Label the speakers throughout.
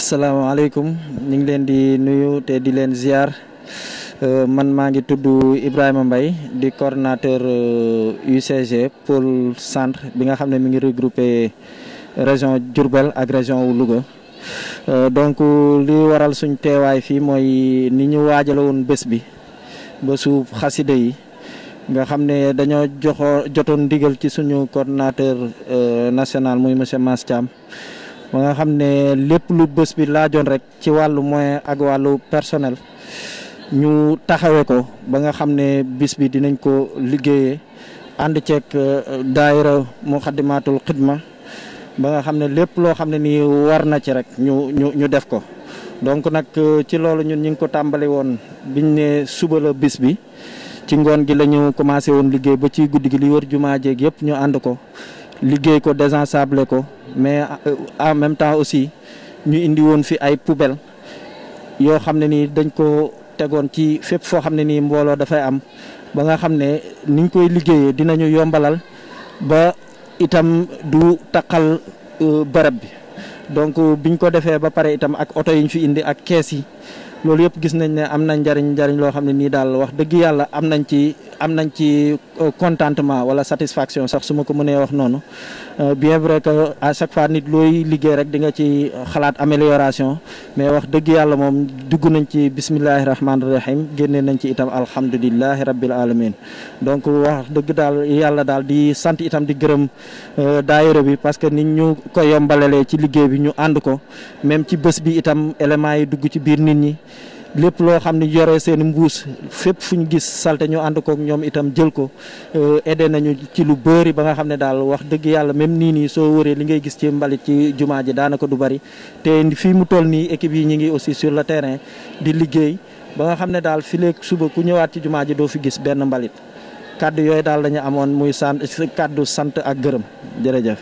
Speaker 1: salaamaaleykum ñu ngi leen di nuyu te di leen ziar euh, man maa ngi tudd Ibrahima mbay di coordonnateur UCG euh, pôle centre bi nga xam ne mi ngi regroupé euh, région Diourbel ak région wu Louga donc li waral suñ teewaay fii mooy ni ñu waajale woon bés bi bésu xasida yi nga xam ne dañoo joxoo jotoon ndigal ci suñu coordonnateur national muy monsieur Mass ba nga xam ne lépp lu bés bi laajoon rek ci wàllu moyen ak wàllu personnel ñu taxawee ko ba nga xam ne bis bi dinañ ko liggéeyee ànd ceeg euh, daayira Muxaddamatul Xidma ba nga xam ne lépp loo xam ne nii war na ci rek ñu ñu ñu def ko. donc nag euh, ci loolu ñun ñu ngi ko tàmbali woon biñ ne suba la bis bi ci ngoon gi lañu ñu commencé woon liggéey ba ci guddi gi li wër jumaa jeeg yëpp ñu ànd ko. liggéey ko désensablé ko mais euh, en même temps aussi ñu indi woon fi ay poubelle yoo xam ne nii dañ ko tegoon ci fépp foo xam ne nii mbooloo dafay am ba nga xam ne niñ koy liggéeyee dinañu yombalal ba itam du taqal euh, barab bi donc euh, biñ ko defee ba pare itam ak oto yi ñu fi indi ak kees yi loolu yëpp gis nañ ne am na njariñ njariñ loo xam ne nii daal wax dëgg yàlla am nañ ci am nañ ci euh, contentement wala satisfaction sax su ma ko mënee wax noonu euh, bien vrai que à chaque fois nit looy liggéey rek di nga ci xalaat amélioration mais wax dëgg yàlla moom dugg nañ ci bismillahi rahmaani rahim génne nañ ci itam alhamdulilahi rabbil alamin donc wax dëgg daal yàlla daal di sant itam di gërëm euh, daayira bi parce que nit ñu ko yombalalee ci liggéey bi ñu ànd ko même ci bés bi itam éléments yi dugg ci biir nit ñi lépp loo xam ne yore seen mbuus fépp fu ñu gis salte ñu ànd kook ñoom itam jël ko euh, aidé nañu ci lu bëri ba nga xam ne daal wax dëgg yàlla même nii nii soo wëree li ngay gis ci mbalit ci jumaa ji daanaka du bari te fii mu toll nii équipe yi ñu ngi aussi sur le terrain di liggéey ba nga xam ne daal fileeg suba ku ñëwaat ci jumaa ji doo fi gis benn mbalit kàddu yooyu daal dañu amoon muy sant kàddu sant ak gërëm jërëjëf.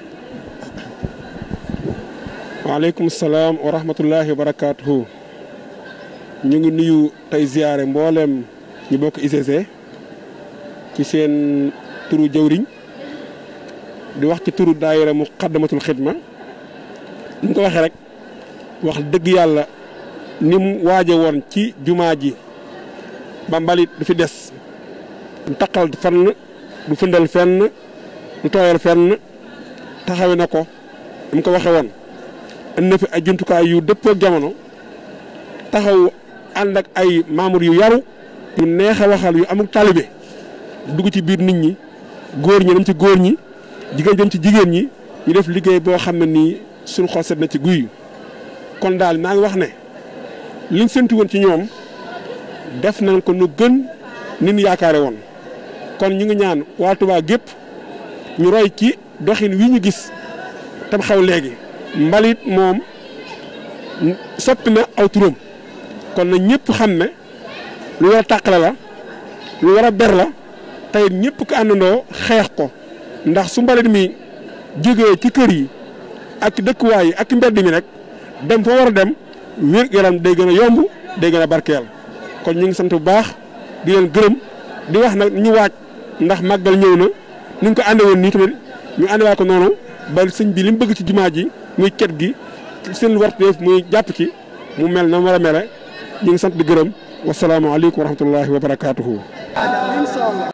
Speaker 1: waaleykum
Speaker 2: salaam wa rahmatullahi wa ñu ngi nuyu tey ziyaare mbooleem ñu bokk ICC ci seen turu jëwriñ di wax ci turu daayira mu xaddamatul xidma ni ko waxee rek wax dëgg yàlla ni mu waaje woon ci jumaa ji ba mbalit du fi des du taqal fenn du fëndal fenn du tooyal fenn taxawe na ko ni mu ko waxe woon indi na ay jumtukaay yu dëppoo jamono taxaw ànd ak ay membres yu yaru yu neex a waxal yu amul talibe dugg ci biir nit ñi góor ñi dem ci góor ñi jigéen dem ci jigéen ñi ñu def liggéey boo xam ne nii suñu xol na ci guy kon daal naa ngi wax ne liñ séntu woon ci ñoom def nañ ko nu gën ni yaakaare woon kon ñu ngi ñaan waa Touba gépp ñu roy ci doxin wi ñu gis tam xew léegi mbalit moom soppi na aw turam kon na ñëpp xam ne lu war a tàqale la lu war a ber la tey ñëpp ko àndandoo xeex ko ndax su mbalit mi jógee ci kër yi ak dëkkuwaay yi ak mbedd mi nag dem fa war a dem wér yaram day gën a yomb day gën a barkeel kon ñu ngi sant bu baax di leen gërëm di wax nag ñu waaj ndax màggal ñëw na ñu ngi ko àndee woon nii tamit ñu àndewaat ko noonu ba sëñ bii li mu bëgg ci jumaa ji muy cet gi seen warteef muy jàpp ci mu mel na mu war a mele ñu ngi sant di gërëm wasalaamaaleykum wa rahmatullahi wa barakaatuhu.